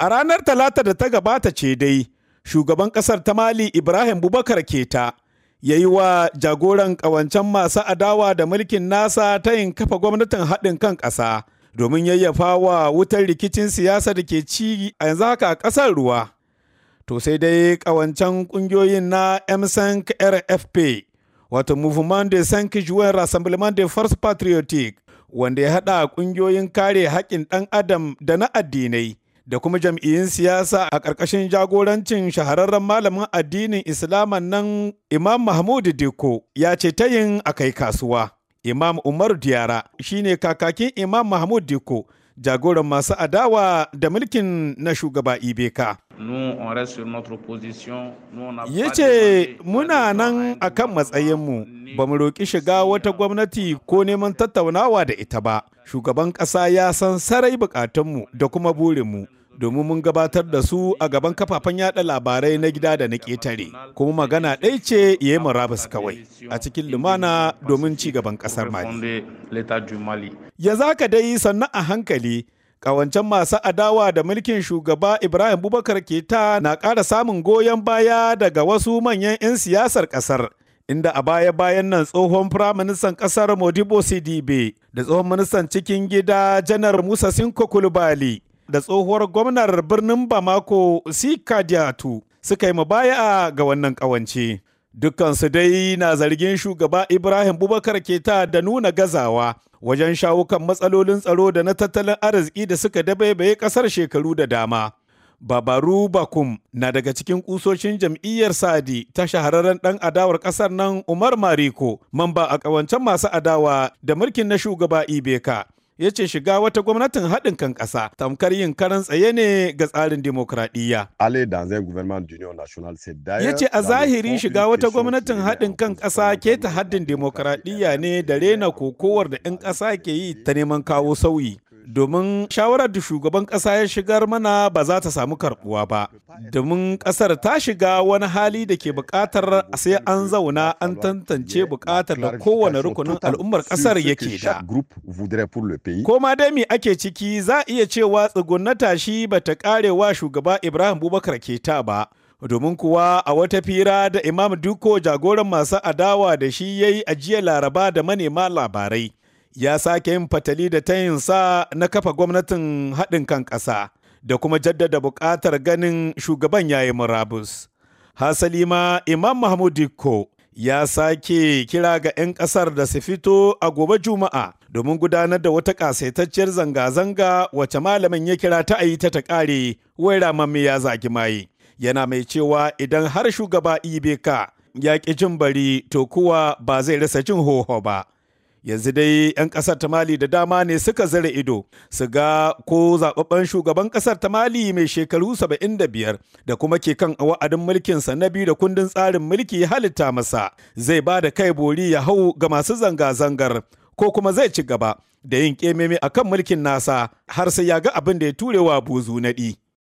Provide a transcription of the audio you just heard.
A ranar Talata da ta gabata ce dai, shugaban ƙasar ta Mali Ibrahim Bubakar Keta ya yi wa jagoran ƙawancen masu adawa da mulkin nasa ta yin kafa gwamnatin haɗin kan ƙasa domin yayyafa wa wutar rikicin siyasa da ke ci a yanzu haka a ƙasar ruwa. To sai dai ƙawancen ƙungiyoyin na MSNC RFP wato Mouvement de Cinq Juin Rassemblement de Force Patriotic, wanda ya haɗa ƙungiyoyin kare haƙƙin ɗan adam da na addinai da kuma jam'iyyun siyasa a ƙarƙashin jagorancin shahararren malamin addinin islama nan Imam Mahmud Diko ya ce ta yin a kai kasuwa. Imam Umar Diyara shine kakakin Imam Mahmud Diko jagoran masu adawa da mulkin na shugaba Ibeka. ya ce muna nan a kan matsayinmu ba mu roƙi shiga wata gwamnati ko neman tattaunawa da ita ba shugaban ƙasa ya san sarai buƙatunmu da kuma burinmu domin mun gabatar da su a gaban kafafen yada labarai na gida da na ƙetare kuma magana ɗai ce ya yi murabus kawai a cikin lumana domin ci gaban ƙasar mali ya haka dai sannan a hankali Ƙawancen masu adawa da mulkin shugaba Ibrahim Bubakar Keta na ƙara samun goyon baya daga wasu manyan 'yan siyasar ƙasar. inda a baya-bayan nan tsohon firaministan ƙasar Modibo Sidibe da tsohon ministan cikin gida janar Musa Sinko Kulubali da tsohuwar gwamnar birnin Bamako Sikadiatu suka yi mabaya ga wannan ƙawance. Dukkansu dai na zargin shugaba Ibrahim Bubakar Keta da nuna gazawa wajen shawo kan matsalolin tsaro da na tattalin arziki da suka dabaibaye ƙasar shekaru da dama. Babaru Bakum na daga cikin kusoshin jam'iyyar Sadi ta shahararren ɗan adawar ƙasar nan Umar Mariko, mamba a ƙawancen masu adawa da mulkin na shugaba Ibeka, ya ce shiga wata gwamnatin haɗin kan ƙasa tamkar yin karan tsaye ne ga tsarin dimokuraɗiyya. Ya ce a zahiri shiga wata gwamnatin haɗin kan ƙasa ke ta haddin dimokuraɗiyya ne da rena kokowar da 'yan ƙasa ke yi ta neman kawo sauyi. domin shawarar da shugaban ƙasa ya shigar mana ba za ta samu karbuwa ba domin ƙasar ta shiga wani hali da ke buƙatar sai an zauna an tantance buƙatar da kowane rukunin al'ummar ƙasar yake da ko ma dai me ake ciki za a iya cewa tsugunnata shi ba ta karewa shugaba ibrahim bubakar keta ba domin kuwa a wata fira da imam duko jagoran masu adawa da shi yayi a jiya laraba da manema labarai ya sake yin fatali da sa na kafa gwamnatin haɗin kan ƙasa da kuma jaddada buƙatar ganin shugaban yayi murabus. Hasali ma Imam Mahmud Dikko ya sake kira ga 'yan ƙasar da su fito a gobe Juma'a domin gudanar da wata ƙasaitacciyar zanga-zanga wacce malamin ya kira ta ayi ta ta ƙare wai ramamme ya zagi maye. Yana mai cewa idan har shugaba Ibeka ya ƙi jin bari to kuwa ba zai rasa jin hoho ba. yanzu dai 'yan ƙasar ta mali da dama ne suka zira ido su ga ko zaɓaɓɓen shugaban ƙasar ta mali mai shekaru 75 da kuma ke kan wa'adin mulkinsa na biyu da kundin tsarin mulki halitta masa zai ba da kai bori ya hau ga masu zanga-zangar ko kuma zai ci gaba da yin kememe akan mulkin nasa har sai ya ga abin da ya turewa buzu naɗi.